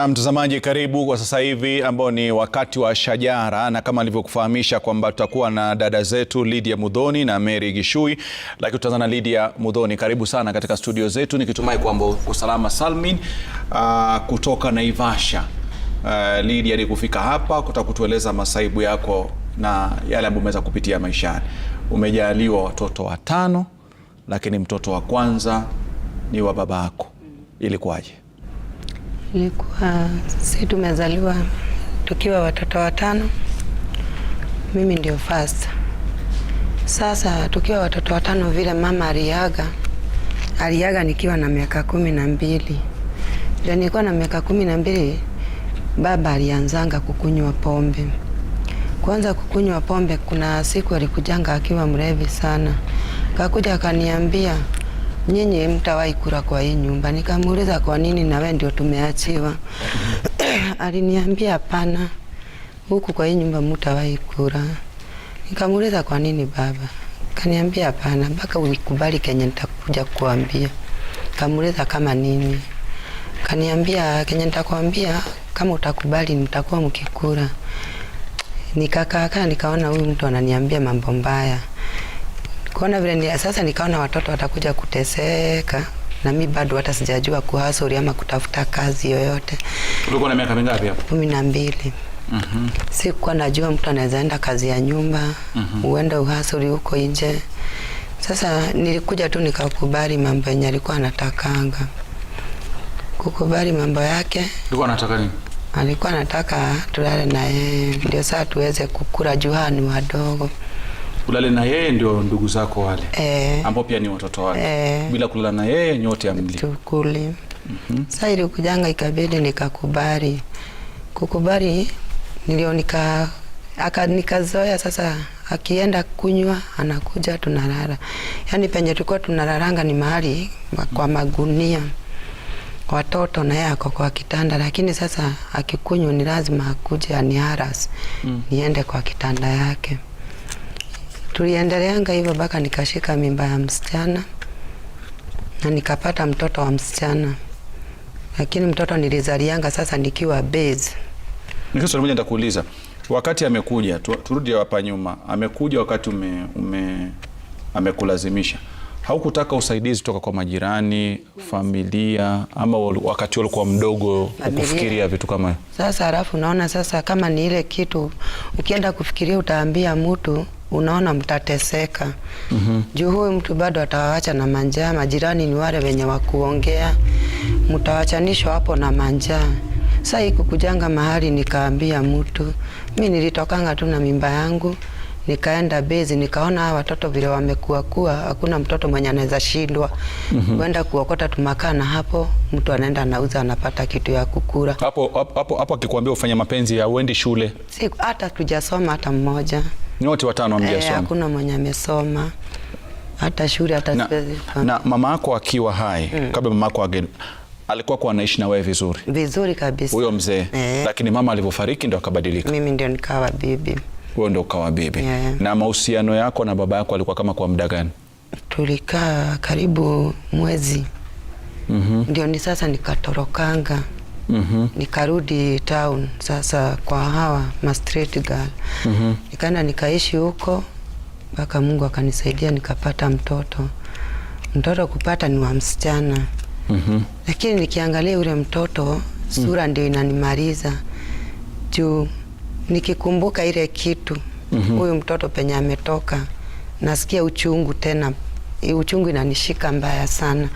Na mtazamaji, karibu kwa sasa hivi ambao ni wakati wa Shajara, na kama nilivyokufahamisha kwamba tutakuwa na dada zetu Lydia Mudhoni na Mary Gishui, lakini tutaanza na Lydia Mudhoni. Karibu sana katika studio zetu, nikitumai kwamba usalama salmin. Uh, kutoka Naivasha, uh, Lydia alikufika hapa kutaka kutueleza masaibu yako na yale ambayo umeweza kupitia maishani. Umejaliwa watoto watano, lakini mtoto wa kwanza ni wa babako, ilikuwaje? Ilikuwa sisi tumezaliwa tukiwa watoto watano, mimi ndio first. Sasa tukiwa watoto watano vile mama aliaga, aliaga nikiwa na miaka kumi na mbili. Ndio nilikuwa na miaka kumi na mbili, baba alianzanga kukunywa pombe. Kwanza kukunywa pombe, kuna siku alikujanga akiwa mrevi sana, kakuja akaniambia nyinyi mtawahi kura kwa hii nyumba. Nikamuuliza kwa nini, na wewe ndio tumeachiwa? Aliniambia hapana, huku kwa hii nyumba mtawahi kura. Nikamuuliza kwa nini baba? Kaniambia hapana, mpaka uikubali Kenya nitakuja kuambia. Kamuuliza kama nini? Kaniambia Kenya nitakwambia kama utakubali mtakuwa mkikura. Nikakaa kana, nikaona huyu mtu ananiambia mambo mbaya kuona vile ni sasa, nikaona watoto watakuja kuteseka na mi bado hata sijajua kuhasuri ama kutafuta kazi yoyote. Ulikuwa na miaka mingapi hapo? kumi na mbili. Mm -hmm. Sikuwa najua mtu anaweza enda kazi ya nyumba mm -hmm. uende uhasuri huko nje. Sasa nilikuja tu nikakubali mambo yenye alikuwa anatakanga kukubali mambo yake. Alikuwa anataka nini? Alikuwa anataka tulale na yeye ndio saa tuweze kukula, juu ni wadogo ulale na yeye ndio ndugu zako wale e, ambao pia ni watoto wake e, eh. bila kulala na yeye nyote tukuli. mm -hmm. Sasa ile kujanga ikabidi nikakubali kukubali, nilio nika aka nikazoea sasa, akienda kunywa anakuja tunalala, yaani penye tulikuwa tunalalanga ni mahali kwa magunia watoto na yeye ako kwa kitanda, lakini sasa akikunywa ni lazima akuje aniharas mm. niende kwa kitanda yake tuliendeleanga hivyo mpaka nikashika mimba ya msichana na nikapata mtoto wa msichana, lakini mtoto nilizalianga sasa nikiwa base. Ni moja nitakuuliza, wakati amekuja tu, turudi hapa nyuma, amekuja wakati ume, ume amekulazimisha haukutaka usaidizi toka kwa majirani, familia ama wakati ulikuwa mdogo ukufikiria vitu kama sasa? Alafu naona sasa kama ni ile kitu ukienda kufikiria utaambia mtu unaona mtateseka. mm -hmm. Juu huyu mtu bado atawaacha na manjaa, majirani ni wale wenye wakuongea, mtawachanishwa hapo na manjaa. Sasa ikukujanga mahali nikaambia mtu, mi nilitokanga tu na mimba yangu nikaenda bezi nikaona hawa watoto vile wamekuwa kuwa, hakuna mtoto mwenye anaweza shindwa mhm. kwenda mm -hmm. kuokota tumakaa, na hapo mtu anaenda anauza anapata kitu ya kukula hapo hapo hapo. Akikwambia ufanye mapenzi ya uendi shule, si hata tujasoma hata mmoja. Nyote watano hamjasoma. Eh, hakuna mwenye amesoma hata shule hata na, na mama yako akiwa hai mm. kabla mama yako alikuwa kwa anaishi na wewe vizuri vizuri kabisa huyo mzee e. Lakini mama alivyofariki ndo akabadilika, mimi ndio nikawa bibi, wewe ndio ukawa bibi e. Na mahusiano yako na baba yako alikuwa kama kwa muda gani? Tulikaa karibu mwezi mm -hmm. Ndio ni sasa nikatorokanga -hmm. Nikarudi town sasa kwa hawa ma street girl mm -hmm. Nikaenda nikaishi huko mpaka Mungu akanisaidia nikapata mtoto. Mtoto kupata ni wa msichana mm -hmm. Lakini nikiangalia yule mtoto sura mm. ndio inanimaliza juu nikikumbuka ile kitu mhm. huyu mm -hmm. mtoto penye ametoka nasikia uchungu tena, uchungu inanishika mbaya sana,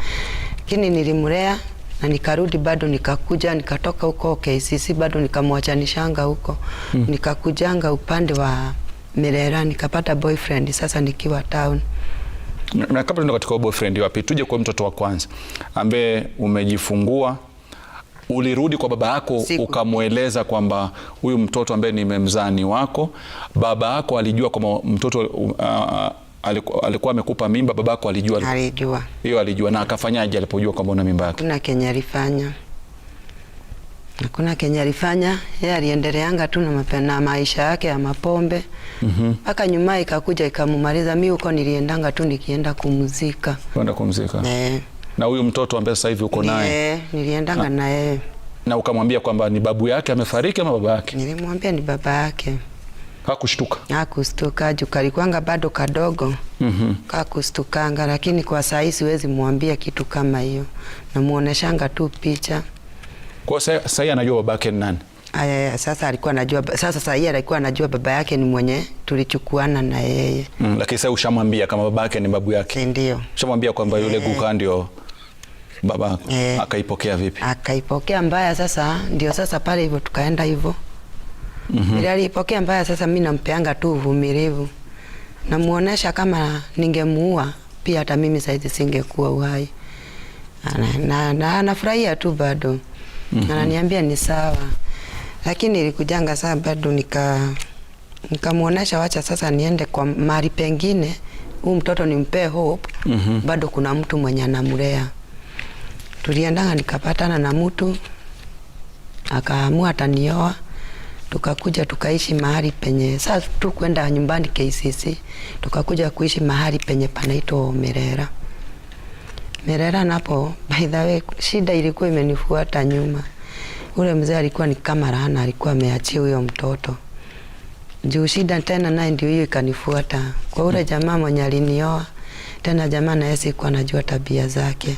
lakini nilimlea na nikarudi bado nikakuja nikatoka huko KCC bado nikamwachanishanga huko mm. nikakujanga upande wa mirera nikapata boyfriend sasa nikiwa town na, na kabla katika boyfriend wapi, tuje kwa mtoto wa kwanza ambaye umejifungua ulirudi kwa baba yako ukamweleza kwamba huyu mtoto ambaye nimemzaa ni wako. Baba yako alijua kwamba mtoto uh, uh alikuwa, amekupa mimba babako alijua? Alijua hiyo alijua. Na akafanyaje alipojua kwamba una mimba yake? Kuna kenye alifanya, hakuna kenye alifanya. Yeye aliendeleanga tu na maisha yake ya mapombe mhm. mpaka mm -hmm. nyuma ikakuja ikamumaliza. Mi huko niliendanga tu nikienda kumzika, kwenda kumzika eh. Na huyu mtoto ambaye sasa hivi uko naye eh, niliendanga naye ah. na, na ukamwambia kwamba ni babu yake amefariki ama baba yake? Nilimwambia ni baba yake hakushtuka hakushtuka juu kalikwanga bado kadogo mm -hmm. Kakushtukanga, lakini kwa saa hii siwezi mwambia kitu kama hiyo, namuoneshanga tu picha. Kwa saa hii anajua babake ni nani? Aya, sasa alikuwa anajua sasa, sasa hii alikuwa anajua baba yake ni mwenye tulichukuana na yeye mm, lakini sasa ushamwambia kama baba yake ni babu yake, ndio ushamwambia kwamba yule eh. guka ndio baba. Eh. Akaipokea vipi? Akaipokea mbaya. Sasa ndio sasa pale hivyo tukaenda hivyo mm -hmm. ili alipokea mbaya. Sasa mimi nampeanga tu uvumilivu, namuonesha kama ningemuua pia hata mimi saizi singekuwa uhai, na anafurahia tu bado mm -hmm. ananiambia ni sawa, lakini ilikujanga saa bado nika nikamuonesha wacha sasa niende kwa mahali pengine, huu mtoto nimpee hope mm -hmm. bado kuna mtu mwenye anamlea. Tuliendanga nikapatana na mtu akaamua atanioa, tukakuja tukaishi mahali penye saa tu kwenda nyumbani KCC, tukakuja kuishi mahali penye panaitwa Merera. Merera napo, by the way, shida ilikuwa imenifuata nyuma. Ule mzee alikuwa ni kama laana, alikuwa ameachia huyo mtoto juu shida tena naye ndio hiyo ikanifuata kwa ule jamaa mwenye alinioa tena. Jamaa naye sikuwa najua tabia zake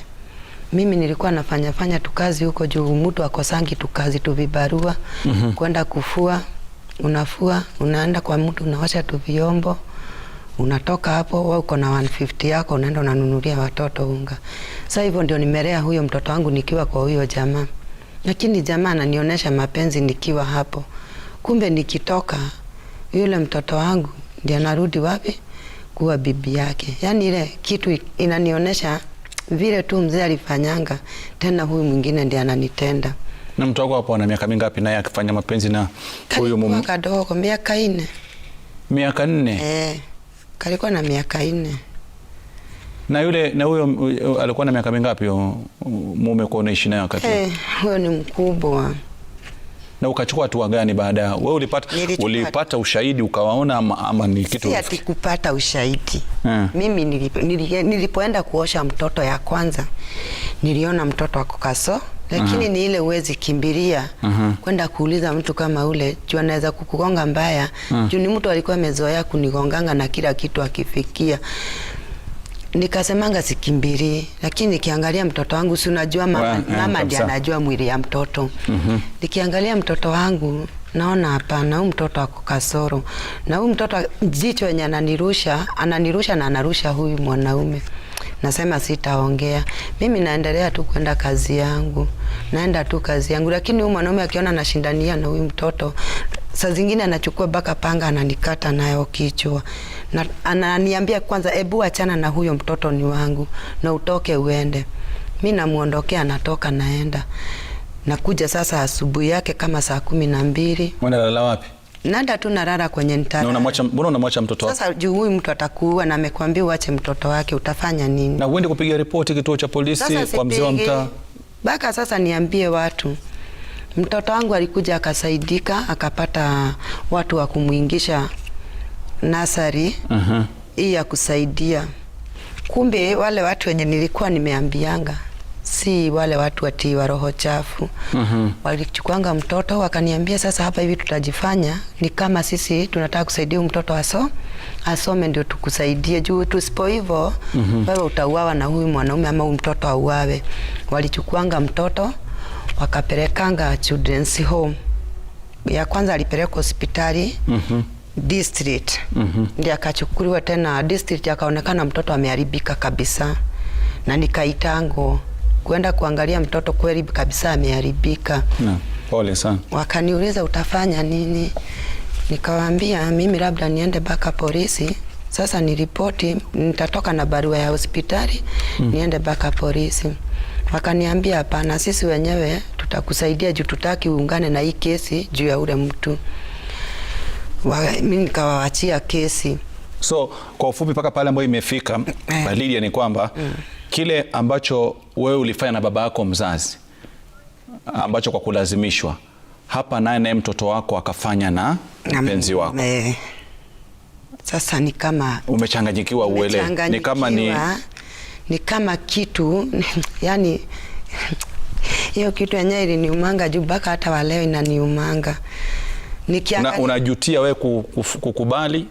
mimi nilikuwa nafanya fanya tu kazi huko juu mtu akosangi tu kazi tu vibarua mm -hmm. kwenda kufua unafua unaenda kwa mtu unaosha vyombo, unatoka hapo wewe uko na 150 yako unaenda unanunulia watoto unga. Sasa hivyo ndio nimelea huyo mtoto wangu nikiwa kwa huyo jamaa, lakini jamaa ananionyesha mapenzi nikiwa hapo, kumbe nikitoka yule mtoto wangu ndio anarudi wapi? Kuwa bibi yake. Yaani ile kitu inanionyesha vile tu mzee alifanyanga, tena huyu mwingine ndiye ananitenda. Na mtu wako hapo ana miaka mingapi naye akifanya mapenzi na huyu mume? Kadogo, miaka nne. Miaka nne? Eh, kalikuwa na miaka nne. Na yule na huyo alikuwa na miaka mingapi mume kwa unaishi naye wakati? Eh, huyo ni mkubwa na ukachukua hatua gani baadaye? Wewe ulipata ulipata ushahidi ukawaona ama, ama ni kitu? Si ati kupata ushahidi yeah. Mimi nilipo, nilipoenda kuosha mtoto ya kwanza niliona mtoto ako kaso lakini uh -huh. Ni ile uwezi kimbilia uh -huh. kwenda kuuliza mtu kama ule juu anaweza kukugonga mbaya uh ah. -huh. juu ni mtu alikuwa amezoea kunigonganga na kila kitu akifikia nikasemanga sikimbiri, lakini nikiangalia mtoto wangu, si unajua mama, well, eh, mama ndiye anajua mwili ya mtoto mm -hmm. Nikiangalia mtoto wangu naona hapana, huyu mtoto ako kasoro, na huyu mtoto jicho yenye ananirusha ananirusha na anarusha huyu mwanaume. Nasema sitaongea mimi, naendelea tu kwenda kazi yangu, naenda tu kazi yangu, lakini huyu mwanaume akiona anashindania na huyu mtoto, saa zingine anachukua baka panga ananikata nayo kichwa na ananiambia kwanza, ebu achana na huyo mtoto ni wangu na utoke uende. Mi namuondokea, natoka naenda, nakuja sasa asubuhi yake kama saa kumi na mbili. Mwanalala wapi? Nanda tu narara kwenye mtaa. Na unamwacha, mbona unamwacha mtoto wako? Sasa juu huyu mtu atakuua na amekwambia uache mtoto wake utafanya nini? Na uende kupiga ripoti kituo cha polisi kwa mzee wa mtaa. Baka sasa niambie watu. Mtoto wangu alikuja akasaidika akapata watu wa kumwingisha nasari hii uh -huh. ya kusaidia. Kumbe wale watu wenye nilikuwa nimeambianga si wale watu wati wa roho chafu uh -huh. Walichukuanga mtoto wakaniambia, sasa hapa hivi tutajifanya ni kama sisi tunataka kusaidia mtoto aso asome, ndio tukusaidie, juu tusipo hivyo uh mhm. -huh. utauawa na huyu mwanaume ama huyu mtoto auawe. Walichukuanga mtoto wakapelekanga children's home. Ya kwanza alipelekwa hospitali uh mhm. -huh district mm -hmm. Ndiye akachukuliwa tena district, akaonekana mtoto ameharibika kabisa, na nikaitango kwenda kuangalia mtoto, kweli kabisa ameharibika. Naam, pole sana. Wakaniuliza utafanya nini? Nikawaambia mimi labda niende mpaka polisi sasa niripoti, nitatoka na barua ya hospitali mm. niende mpaka polisi. Wakaniambia hapana, sisi wenyewe tutakusaidia juu tutaki uungane na hii kesi juu ya ule mtu mimi nikawaachia kesi. So kwa ufupi, mpaka pale ambayo imefika eh. Lydia, ni kwamba mm. kile ambacho wewe ulifanya na baba yako mzazi ambacho kwa kulazimishwa hapa, naye naye mtoto wako akafanya na mpenzi wako me. Eh. Sasa ni kama umechanganyikiwa, uelewe ni kama ni ni kama kitu yani hiyo kitu yenyewe iliniumanga juu mpaka hata waleo inaniumanga. Nikiangalia unajutia una wewe kukubali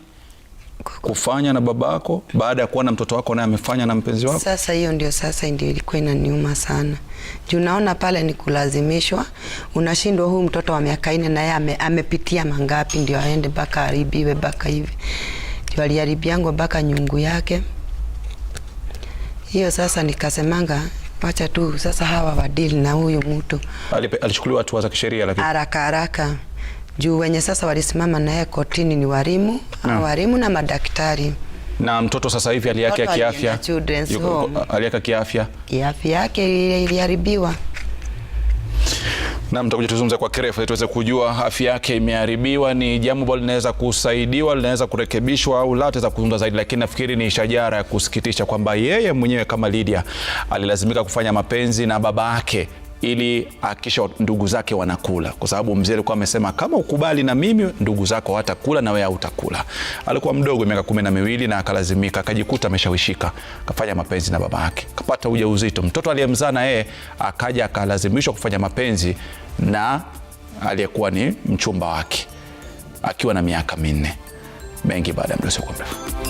kufanya na babako baada ya kuwa na mtoto wako naye amefanya na mpenzi wako. Sasa hiyo ndio sasa ndio ilikuwa inaniuma sana, juu naona pale ni kulazimishwa, unashindwa. Huyu mtoto wa miaka nne naye ame, amepitia mangapi ndio aende mpaka haribiwe mpaka hivi, ndio aliharibiangwa mpaka nyungu yake hiyo. Sasa nikasemanga wacha tu sasa hawa wadili na huyu mtu. Alichukuliwa hatua za kisheria lakini haraka haraka juu wenye sasa walisimama naye kotini ni walimu na walimu na madaktari na mtoto sasa hivi hali yake ya kiafya, hali yake kiafya, kiafya yake iliharibiwa. Na mtakuja tuzungumze kwa kirefu ili tuweze kujua afya yake imeharibiwa ni jambo ambalo linaweza kusaidiwa, linaweza kurekebishwa au la, tuweza kuzungumza zaidi, lakini nafikiri ni shajara ya kusikitisha kwamba yeye mwenyewe kama Lydia alilazimika kufanya mapenzi na baba yake ili akisha ndugu zake wanakula, kwa sababu mzee alikuwa amesema kama ukubali na mimi ndugu zako watakula na wewe hautakula. Alikuwa mdogo miaka kumi na miwili na akalazimika, akajikuta ameshawishika, kafanya mapenzi na baba yake, kapata ujauzito. Mtoto aliyemzaa na yeye akaja akalazimishwa kufanya mapenzi na aliyekuwa ni mchumba wake akiwa na miaka minne. Mengi baada ya mdosi kwa mrefu.